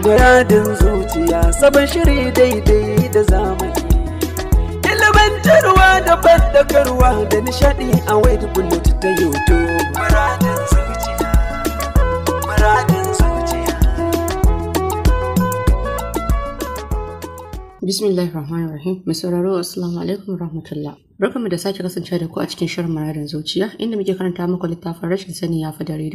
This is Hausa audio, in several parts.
Muradin zuciya sabon shiri daidai da zamani. Ilimantarwa da bandakarwa da nishadi a wade bullet ta YouTube. Muradin zuciya, muradin zuciya. Bismillahirrahmanirrahim. Mai sauraro, Assalamu alaikum rahmatullah. Barkanmu da sake kasance da ku a cikin shirin maradin zuciya inda muke karanta muku littafin rashin sani ya fi dare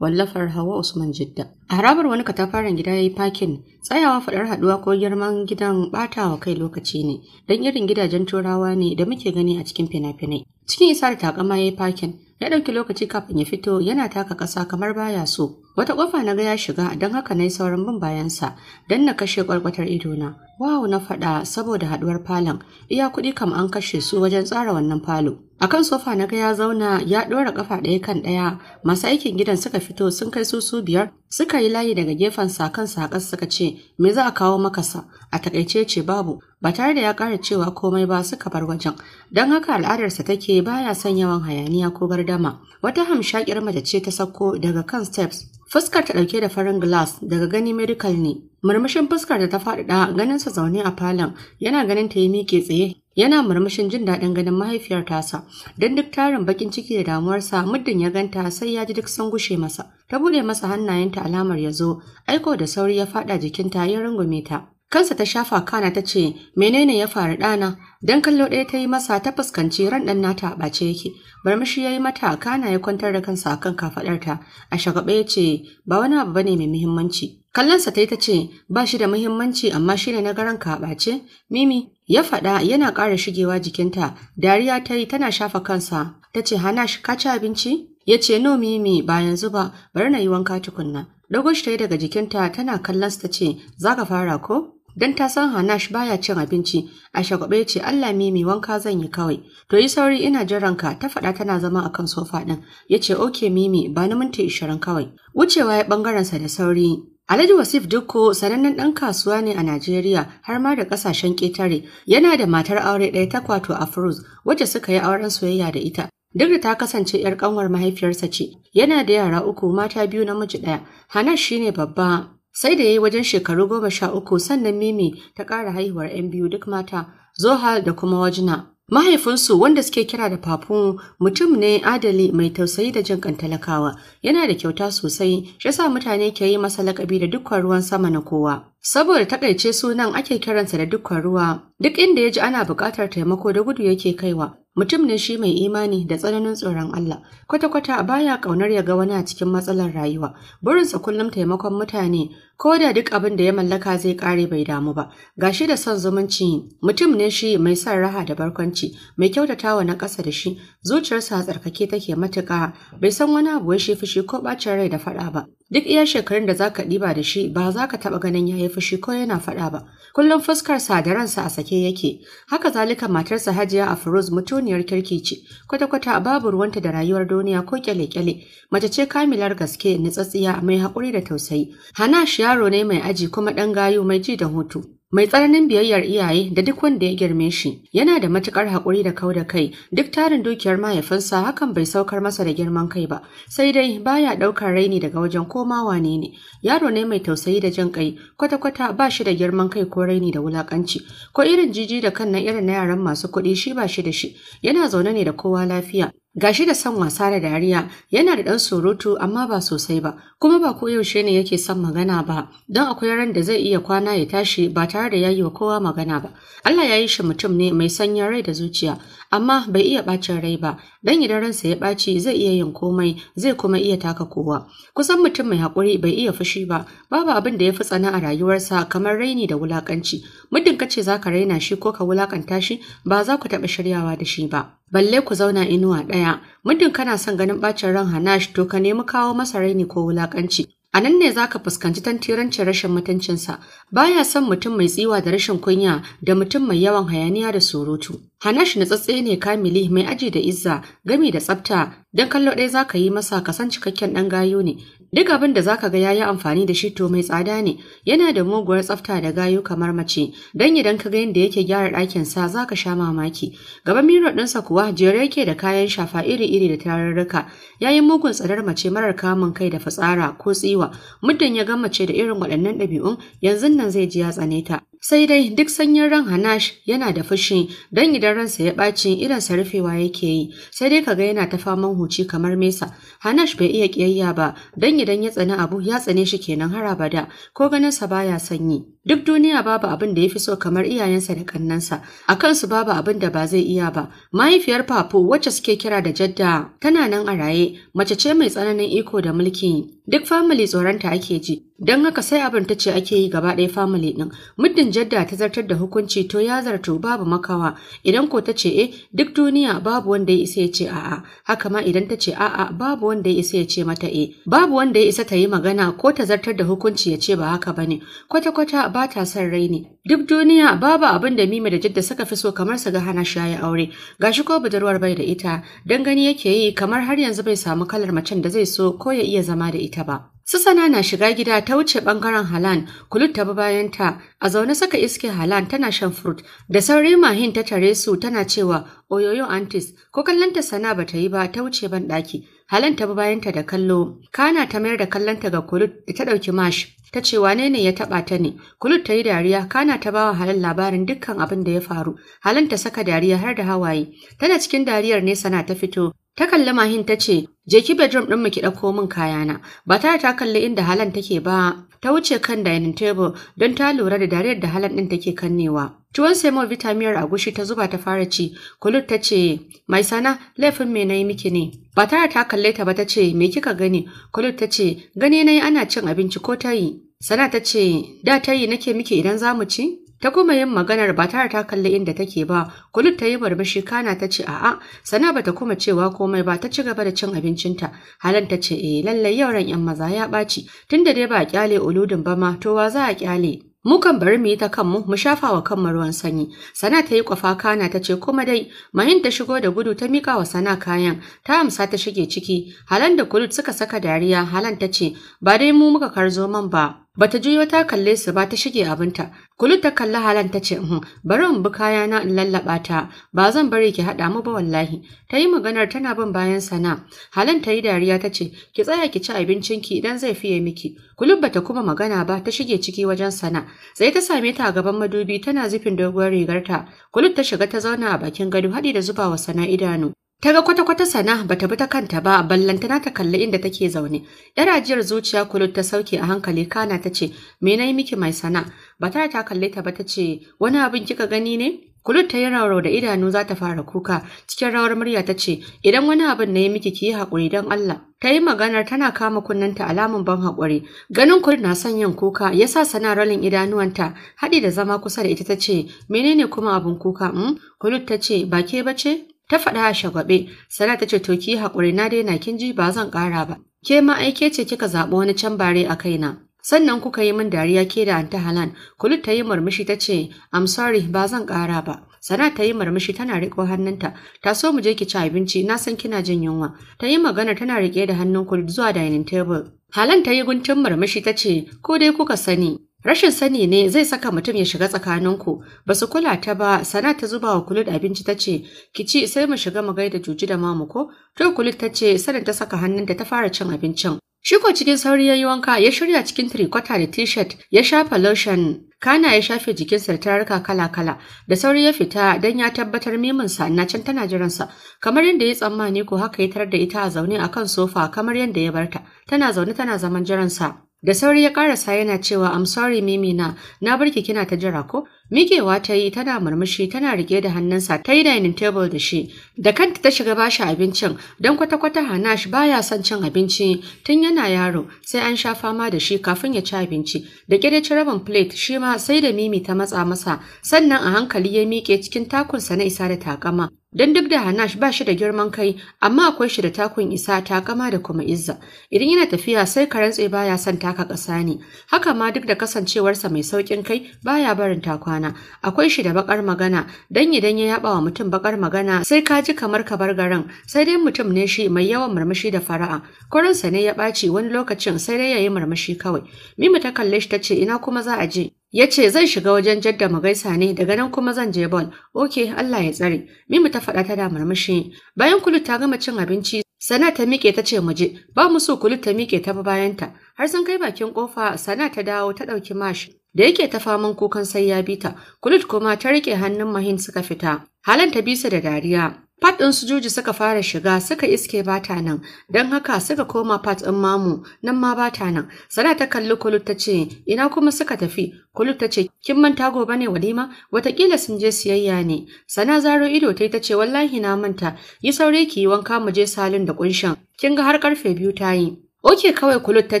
wallafar Hawa Usman Jidda. A harabar wani katafaren gida ya yi fakin tsayawa faɗar haɗuwa ko girman gidan batawa kai lokaci ne don irin gidajen turawa ne da muke gani a cikin fina-finai. Cikin isar takama ya yi fakin ya ɗauki lokaci kafin ya fito yana taka ƙasa kamar baya so. Wata ƙofa na ga ya shiga don haka na yi sauran bin bayansa don na kashe ƙwarƙwatar idona. Wow na faɗa saboda haɗuwar falon, iya kuɗi kam an kashe su wajen tsara wannan falo. A kan sofa na ga ya zauna ya ɗora ƙafa ɗaya kan ɗaya, masu aikin gidan suka fito sun kai su su biyar, suka yi layi daga gefen sa kan sakas suka ce, me za a kawo makasa, a takaice ce babu, ba tare da ya ƙara cewa komai ba suka bar wajen, don haka al'adarsa take baya son yawan hayaniya ko gardama. Wata hamshakiyar mace ce ta sauko daga kan steps Fuskar ta ɗauke da farin glass daga gani medical ne. Murmushin fuskar da ta faɗaɗa ganinsa zaune a falon yana ganin ta yi miƙe tsaye yana murmushin jin daɗin ganin mahaifiyar tasa don duk tarin bakin ciki da damuwarsa muddin ya ganta sai ya ji duk sun gushe masa ta buɗe masa hannayenta alamar ya zo aiko da sauri ya faɗa jikinta ya rungume ta Kansa ta shafa kana ta ce, menene ya faru ɗana? Dan kallo ɗaya ta yi masa ta fuskanci ran ɗan nata a ɓace yake. Barmishi ya yi mata kana ya kwantar da kansa akan kafaɗarta. A shagaɓe ya ce, ba wani abu ne mai muhimmanci. Kallonsa ta yi ta ce, ba shi da muhimmanci amma shi ne na garan ka ɓace? Mimi, ya faɗa yana ƙara shigewa jikinta. Dariya ta yi tana shafa kansa. Ta ce, hana shi ka ci abinci? Ya ce, no Mimi, ba yanzu ba, bari na yi wanka tukunna. Dogon shi ta yi daga jikinta tana kallon ta ce, za ka fara ko? dan ta san Hanash baya cin abinci, a shagwabe ce Allah mimi wanka zan yi kawai. To yi sauri ina jiran ka ta faɗa tana zama a kan sofa ɗin. yace ce oke mimi ba na minti ishirin kawai. Wucewa ya ɓangarensa da sauri. Alhaji Wasif Dukko sanannen ɗan kasuwa ne a Najeriya har ma da ƙasashen ƙetare. Yana da matar aure ɗaya ta kwato a Furuz, wacce suka yi auren soyayya da ita. Duk da ta kasance ‘yar ƙanwar mahaifiyarsa ce, yana da yara uku mata biyu namiji ɗaya. Hanash shine babba Sai da ya yi wajen shekaru goma sha uku sannan Mimi ta ƙara haihuwar 'yan biyu duk mata, Zohal da kuma Wajina. Mahaifinsu wanda suke kira da Papu mutum ne adali mai tausayi da jin talakawa, yana da kyauta sosai, shi sa mutane ke yi masa lakabi da dukkan ruwan sama na kowa. Saboda takaice sunan ake kiransa da dukkan ruwa, duk inda ya ji ana buƙatar taimako da gudu yake kaiwa, Mutum ne shi mai imani da tsananin tsoron Allah, kwata-kwata ba ya ƙaunar ya ga wani a cikin matsalar rayuwa, burinsa kullum taimakon mutane, ko da duk abin da ya mallaka zai kare bai damu ba. Gashi da son zumunci, mutum ne shi mai son raha da barkwanci, mai kyautatawa na ƙasa da shi, zuciyarsa a tsarkake take matuƙa, bai san wani abu ya shi fushi ko ɓacin rai da faɗa ba. Duk iya shekarun da zaka ɗiba da shi ba za ka taɓa ganin ya yi fushi ko yana faɗa ba. Kullum fuskarsa da ransa a sake yake. Haka zalika matarsa Hajiya a furuz mutuniyar kirki ce. Kwata-kwata babu ruwanta da rayuwar duniya ko kyale-kyale. Mace ce kamilar gaske nutsatsiya mai haƙuri da tausayi. Hana shi yaro ne mai aji kuma ɗan gayu mai ji da hutu. mai tsananin biyayyar iyaye da duk wanda ya girme shi yana da matukar haƙuri da kau da kai duk tarin dukiyar mahaifinsa hakan bai saukar masa da girman kai ba sai dai baya ɗaukar raini daga wajen koma wane ne yaro ne mai tausayi da jin kai kwata kwata ba shi da girman kai ko raini da wulakanci ko irin jiji da kan na irin na yaran masu kuɗi shi ba shi da shi yana zaune ne da kowa lafiya Gashi da son wasa da dariya, yana da ɗan surutu amma ba sosai ba, kuma ba ko yaushe ne yake son magana ba, don akwai ran da zai iya kwana ya tashi ba tare da yayi wa kowa magana ba. Allah ya yi shi mutum ne mai sanyin rai da zuciya, amma bai iya bacin rai ba dan idan ransa ya ɓaci, zai iya yin komai zai kuma iya taka kowa kusan mutum mai haƙuri, bai iya fushi ba babu abin da ya tsana a rayuwarsa kamar raini da wulakanci muddin kace zaka raina shi ko ka wulakanta shi ba za ku taɓa shiryawa da shi ba balle ku zauna inuwa ɗaya muddin kana son ganin bacin ran Hanash to ka nemi kawo masa raini ko wulakanci A nan ne za ka fuskanci tantirancin rashin mutuncinsa, baya son mutum mai tsiwa da rashin kunya da mutum mai yawan hayaniya da surutu. Hanash tsatse ne kamili mai aji da izza gami da tsafta don kallo ɗaya za ka yi masa kasan cikakken ɗan gayu ne Duk abin da zaka ga yayi amfani da shi to mai tsada ne, yana da muguwar tsafta da gayu kamar mace, dan idan ka ga yanda yake gyara ɗakin sa zaka sha mamaki. Gaban miro ɗinsa kuwa jere yake da kayan shafa iri-iri da tararruka, yayin mugun tsadar mace marar kamun kai da fatsara ko tsiwa, muddin ya ga mace da irin waɗannan ɗabi'un yanzu nan zai ji ya tsane ta. Sai dai duk sanyin ran Hanash yana da fushi don idan ransa ya ɓaci irin rufewa yake yi sai dai kaga yana ta faman huci kamar mesa. Hanash bai iya ƙiyayya ba don idan ya tsani abu ya tsane shi kenan har abada ko ganinsa baya sanyi. Duk duniya babu abin da ya fi so kamar iyayensa da kannansa, a kansu babu abin da ba zai iya ba. Mahaifiyar papu, wacce suke kira da Jadda tana nan a raye, mace ce mai tsananin iko da mulki. duk family tsoronta ake ji don haka sai abin ta ce ake yi gaba ɗaya family ɗin muddin jadda ta zartar da hukunci to ya zarto babu makawa idan ko ta ce eh duk duniya babu wanda ya isa ya ce a'a haka ma idan ta ce a'a babu wanda ya isa ya ce mata eh babu wanda ya isa ta yi magana ko ta zartar da hukunci ya ce ba haka bane kwata-kwata ba ta son rai ne Duk duniya babu abin da Mimi da Jidda suka fi so kamar su ga hana shayi ya aure. Gashi ko budurwar bai da ita, dan gani yake yi kamar har yanzu bai samu kalar macen da zai so ko ya iya zama da ita ba. Susana na shiga gida ta wuce bangaren Halan, Kulut ta bi bayanta, a zaune saka iske Halan tana shan fruit, da sauri Mahin ta tare su tana cewa oyoyo antis, ko kallonta sana ba ta yi ba ta wuce ban ɗaki. Halan ta bi bayanta da kallo, kana ta mayar da kallonta ga Kulut da ta ɗauki mash. ta ce wane ne ya taba ta ne kulut ta yi dariya kana ta bawa halal labarin dukkan abin da ya faru Halin ta saka dariya har da hawaye tana cikin dariyar ne sana ta fito ta kalli mahin ta ce je ki bedroom din mu ki dauko min kayana ba tare ta kalli inda halan take ba ta wuce kan dining table don ta lura da dariyar da halan ɗin take kannewa. Tuwon semo a agushi ta zuba ta fara ci, Kulut ta ce, Mai sana, laifin me nayi miki ne? Ba tara ta kalle ta ba ta ce, Me kika gani? Kulut ta ce, Gani nayi ana cin abinci ko ta yi. Sana ta ce, Da tayi nake miki idan zamu ci? Ta kuma yin maganar ba tare ta kalli inda take ba, kulit ta yi barbashi kana ta ce a'a, sana ba ta kuma cewa komai ba ta ci gaba da cin abincinta. Halan ta ce eh lallai yau ran ‘yan maza ya ɓaci, tunda dai ba a kyale uludin ba ma, to wa za a kyale. Mukan bari mu yi ta kanmu mu shafa wa kanmu ruwan sanyi. Sana ta yi kwafa kana ta ce kuma dai mahin ta shigo da gudu ta mika wa sana kayan ta amsa ta shige ciki. Halan da kulut suka saka dariya halan ta ce ba dai mu muka karzo man ba Bata juyo ta kalle su ba ta shige abinta. Kulut ta kalli halan ta ce, uhm, "Bari in bi kayana in lallaɓa ta, ba zan bari ki haɗa mu ba wallahi." Ta yi maganar tana bin bayan sana. Halan ta yi dariya ta ce, "Ki tsaya ki ci abincinki idan zai fiye miki." Kulut bata kuma magana ba ta shige ciki wajen sana. Sai ta same ta a gaban madubi tana zufin doguwar rigarta. Kulut ta shiga ta zauna a bakin gado haɗi da zubawa sana idanu. Ta ga kwata-kwata sana ba ta bi ta kanta ba ballantana ta kalli inda take zaune. Yar ajiyar zuciya kulut ta sauke a hankali kana ta ce, "Me na yi miki mai sana?" Ba ta ta kalle ta ba ta ce, "Wani abin kika gani ne?" Kulut ta yi rauro da idanu za ta fara kuka cikin rawar murya ta ce, "Idan wani abin na yi miki ki yi haƙuri don Allah." Ta yi maganar tana kama kunnanta alamun ban haƙuri. Ganin kulut na son yin kuka ya sa sana rolin idanuwanta haɗi da zama kusa da ita ta ce, "Menene kuma abin kuka?" Hmm? Kulut ta ce, "Ba ke ba ce?" ta faɗa a shagwabe Sana ta ce to ki haƙuri na daina kin ji ba zan ƙara ba ke ma aike ce kika zaɓi wani can bare a kaina sannan kuka yi min dariya ke da anta halan kulit ta yi murmushi ta ce am sorry ba zan ƙara ba sana ta yi murmushi tana riƙo hannunta ta so mu je ki ci abinci na san kina jin yunwa ta yi magana tana riƙe da hannun kulit zuwa dining table halan ta yi guntun murmushi ta ce ko dai kuka sani Rashin sani ne zai saka mutum ya shiga tsakaninku, ba su kula ta ba, sana ta zuba wa kulit abinci ta ce, ki ci sai mu shiga mu gaida juji da mamu ko? To kulit ta ce sanin ta saka hannun ta ta fara cin abincin. Shiko cikin sauri ya yi wanka ya shirya cikin tirikota da t-shirt ya shafa lotion kana ya shafe jikinsa da tararka kala-kala da sauri ya fita don ya tabbatar miminsa na can tana jiransa kamar yadda ya tsammani ko haka ya tarar da ita a zaune akan sofa kamar yadda ya barta tana zaune tana zaman jiran sa Da sauri ya karasa yana cewa I'm sorry Mimi na na barki kina ta jira ko? Migewa ta yi tana murmushi tana rike da hannunsa ta yi dining table da shi. Da kanta ta shiga bashi abincin don kwata-kwata Hanash baya son cin abinci tun yana yaro sai an sha fama da shi kafin ya ci abinci. Da kire ci rabin plate shi ma sai da Mimi ta matsa masa sannan a hankali ya miƙe cikin takunsa na isa da takama. Don duk da Hanash ba shi da girman kai, amma akwai shi da takun isa ta kama da kuma izza. Idan yana tafiya sai ka rantse baya son taka ƙasa ne. Haka ma duk da kasancewarsa mai sauƙin kai baya barin takwana. Akwai shi da bakar magana, dan idan ya yaba wa mutum bakar magana sai ka ji kamar ka bar garin, sai dai mutum ne shi mai yawan murmushi da fara'a. Kurinsa ne ya ɓaci wani lokacin sai dai ya yi murmushi kawai. Mimu ta kalle shi ta ce ina kuma za a je. Ya ce zai shiga wajen jadda mu gaisa ne daga nan kuma zan je bol. Oke Allah ya tsare. Mimu ta faɗa ta da murmushi. Bayan kulu ta gama cin abinci Sana ta miƙe ta ce muje, ba mu so kulu ta miƙe ta bayan ta Har sun kai bakin ƙofa Sana ta dawo ta ɗauki mash. Da yake ta faman kukan sai ya bi ta, Kulut kuma ta riƙe hannun Mahin suka fita. Halan ta bisa da dariya. Fat ɗin su Juji suka fara shiga suka iske bata nan, don haka suka koma fat ɗin mamu nan ma bata nan. Sana ta kalli Kulut ta ce, ina kuma suka tafi? Kulut ta ce, kin manta gobe ne walima? Wataƙila sun je siyayya ne. Sana zaro ido ta ta ce, wallahi na manta, yi saurayi ki yi wanka mu je salin da kunshan. Kin ga har ƙarfe biyu ta yi. Oke kawai Kulut ta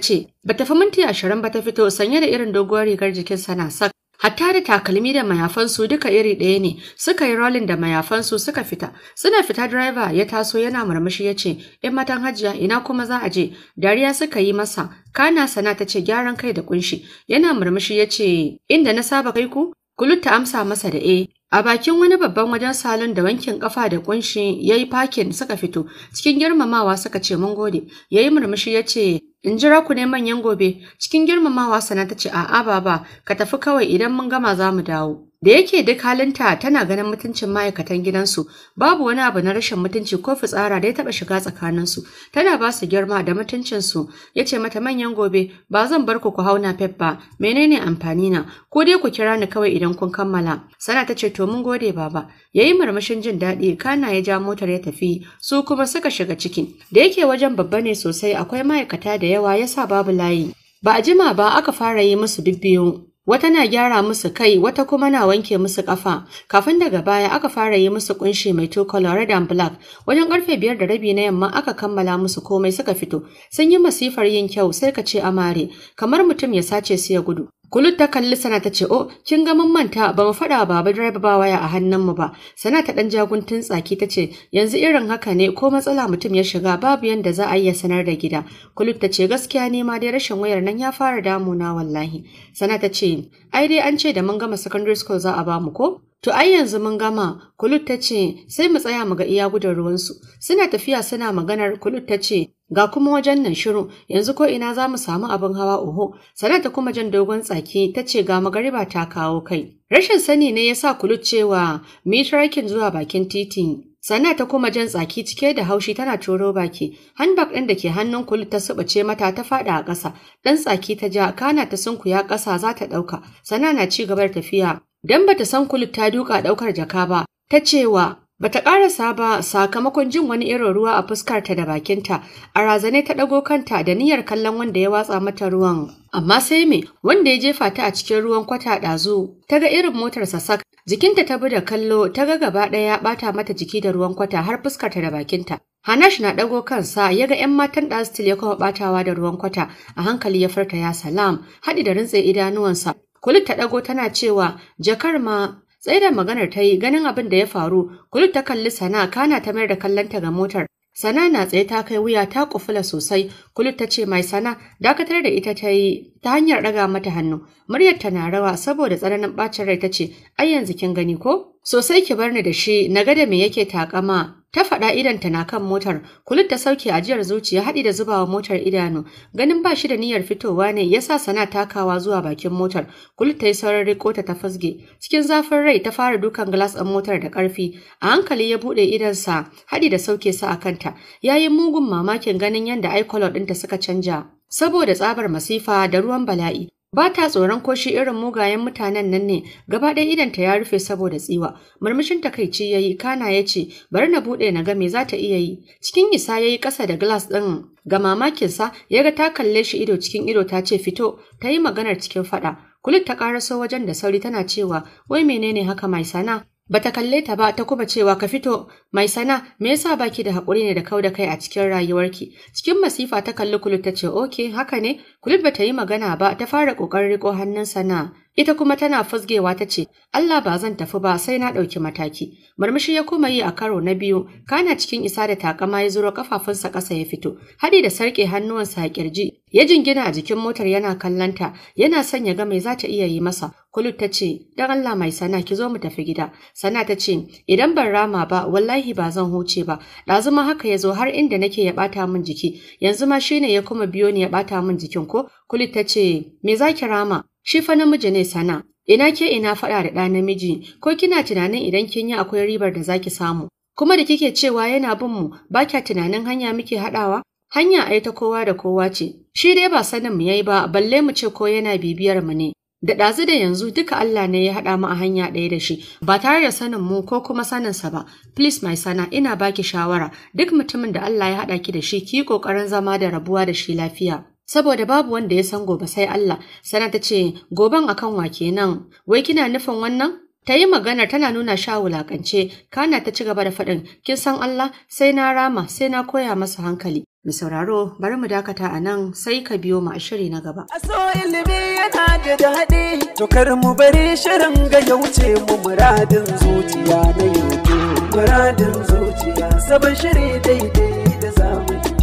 ce, ba tafi minti ashirin ba ta fito sanye da irin doguwar rigar jikin sana sak Hatta da takalmi da mayafansu duka iri ɗaya ne, suka yi rolin da mayafansu suka fita. Suna fita driver ya taso yana murmushi ya ce, ‘yan matan hajiya ina kuma za a je?’ Dariya suka yi masa, kana sana ta ce gyaran kai da kunshi. Yana murmushi ya ce, inda na saba kai ku? Kulut ta amsa masa da e. A bakin wani babban wajen salon da wankin kafa da kunshi ya yi fakin suka fito, cikin girmamawa suka ce mun gode, ya yi murmushi ya ce, In jira ku ne manyan gobe, cikin girmamawa sana ta ce a'a baba, ka tafi kawai idan mun gama za mu dawo. Da yake duk halinta tana ganin mutuncin ma'aikatan gidansu, babu wani abu na rashin mutunci ko fitsara da ya taɓa shiga tsakaninsu, tana ba su girma da mutuncinsu, ya ce mata manyan gobe, ba zan bar ku ku hauna fef ba, menene amfani na, ko dai ku kira ni kawai idan kun kammala. Sana ta ce to mun gode baba, ya yi murmushin jin daɗi, kana ya ja motar ya tafi, su kuma suka shiga ciki. Da yake wajen babba ne sosai akwai ma'aikata da yawa yasa babu layi. Ba a jima ba aka fara yi musu duk biyu. Wata na gyara musu kai, wata kuma na wanke musu kafa. Kafin daga baya aka fara yi musu kunshi mai tukola red and black. Wajen karfe biyar da rabi na yamma aka kammala musu komai suka fito. Sun yi masifar yin kyau sai ka ce amare, kamar mutum ya sace su ya gudu. Kulut ta kalli sana ta ce, "O, oh, kin ga mun manta ba mu faɗa baba direba ba waya a hannunmu ba." Sana ta ɗan jaguntun tsaki ta ce, "Yanzu irin haka ne ko matsala mutum ya shiga babu yanda za a iya sanar da gida." Kulut ta ce, "Gaskiya ne ma dai rashin wayar nan ya fara damuna wallahi." Sana ta ce, "Ai dai an ce da mun gama secondary school za a ba mu ko?" To ai yanzu mun gama, Kulut ta ce, sai mu tsaya mu ga iya gudun ruwansu. Suna tafiya suna maganar Kulut ta ce, ga kuma wajen nan shiru, yanzu ko ina za mu samu abin hawa oho. Sana ta kuma jan dogon tsaki ta ce ga magariba ta kawo kai. Rashin sani ne ya sa Kulut cewa mitrakin zuwa bakin titin. Sana ta kuma jan tsaki cike da haushi tana turo baki. Handbag ɗin da ke hannun Kulut ta subace mata ta faɗa a ƙasa. Ɗan tsaki ta ja kana ta sunkuya ƙasa za ta ɗauka. Sana na ci gaba da tafiya don bata san kulub ta duka ɗaukar jaka ba, ta cewa bata karasa ba sakamakon jin wani irin ruwa a fuskarta da bakinta, a razane ta ɗago kanta da niyyar kallon wanda ya watsa mata ruwan. Amma sai me wanda ya jefa ta a cikin ruwan kwata dazu ta ga irin motarsa sak Jikinta ta bi da kallo ta ga gaba ɗaya ɓata mata jiki da ruwan kwata har fuskarta da bakinta. Hanash na ɗago kansa ya ga ‘yan matan ɗazitil ya kuma batawa da ruwan kwata a hankali ya furta ya salam haɗi da rintse idanuwansa Kulit ta ɗago tana cewa jakar ma tsaye da maganar ta yi ganin abin da ya faru kulit ta kalli sana kana ta mayar da kallonta ga motar sana na tsaye ta kai wuya ta kufula sosai kulit ta ce mai sana dakatar da ita ta yi ta hanyar ɗaga mata hannu muryar ta na rawa saboda tsananin bacin rai ta ce ai yanzu kin gani ko sosai ki bar ni da shi na ga da me yake takama ta faɗa idanta na kan motar kulit ta sauke ajiyar zuciya haɗi da zubawa motar idanu ganin ba shi da niyyar fitowa ne yasa sana takawa zuwa bakin motar kulit ta yi saurin riko ta fasge cikin zafin rai ta fara dukan glass ɗin motar da ƙarfi a hankali ya buɗe idansa haɗi da sauke sa a kanta yayin mugun mamakin ganin yadda aikolo ɗinta suka canja saboda tsabar masifa da ruwan bala'i Ba ta tsoron ko shi irin mugayen mutanen nan ne, gaba ɗaya idanta ya rufe saboda tsiwa. Murmushin takaici ya yi, kana ya ce, bari na buɗe na ga me za ta iya yi. Cikin isa ya yi ƙasa da glass ɗin ga mamakinsa ya ga ta kalle shi ido cikin ido ta ce fito, ta yi maganar cikin faɗa. Kulit ta ƙaraso wajen da sauri tana cewa, wai menene haka mai sana? Bata kalle ta ba ta kuma cewa ka fito mai sana me yasa baki da hakuri ne da kau da kai a cikin rayuwarki cikin masifa ta kalli kulut ta ce oke haka ne kulut bata yi magana ba ta fara kokarin riko hannun sana'a. Ita kuma tana fusgewa ta ce, Allah ba zan tafi ba sai na ɗauki mataki. Murmushi ya kuma yi a karo na biyu, kana cikin isa da takama ya zuro kafafunsa ƙasa ya fito, Hadi da sarƙe hannuwansa a ƙirji. Ya jingina a jikin motar yana kallanta, yana son ya ga mai za ta iya yi masa. Kulut ta ce, "Dan Allah mai sana ki zo mu tafi gida." Sana ta ce, "Idan ban rama ba, wallahi ba zan huce ba. Ɗazuma haka ya zo har inda nake ya bata min jiki. Yanzu ma shine ya kuma biyo ni ya bata min jikin ko?" Kulut ta ce, "Me za ki rama?" Shi fa namiji ne sana, ina ke ina faɗa da ɗa namiji, ko kina tunanin idan kin yi akwai ribar da zaki samu. Kuma da kike cewa yana bin mu, ba kya tunanin hanya muke haɗawa? Hanya ai ta kowa da kowa ce, shi dai ba sanin mu yayi ba, balle mu ce ko yana bibiyar mu ne. Da ɗazu da yanzu duka Allah ne ya haɗa mu a hanya ɗaya da shi, ba tare da sanin mu ko kuma saninsa ba. Please mai sana, ina baki shawara, duk mutumin da Allah ya haɗa ki da shi, ki ƙoƙarin zama da rabuwa da shi lafiya. saboda babu wanda ya san gobe sai Allah sana ta ce goben akan wa kenan wai kina nufin wannan ta yi magana tana nuna sha wulakance kana ta ci gaba da faɗin kin san Allah sai na rama sai na koya masa hankali mu sauraro bari mu dakata a nan sai ka biyo mu a shiri na gaba a so ilimi yana da daɗi to kar mu bari shirin ga ya wuce mu muradin zuciya na yau muradin zuciya sabon shiri daidai da zamani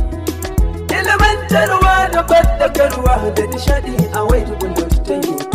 Ilmantarwa da fadakarwa da nishadi a wai tudun da ta yi.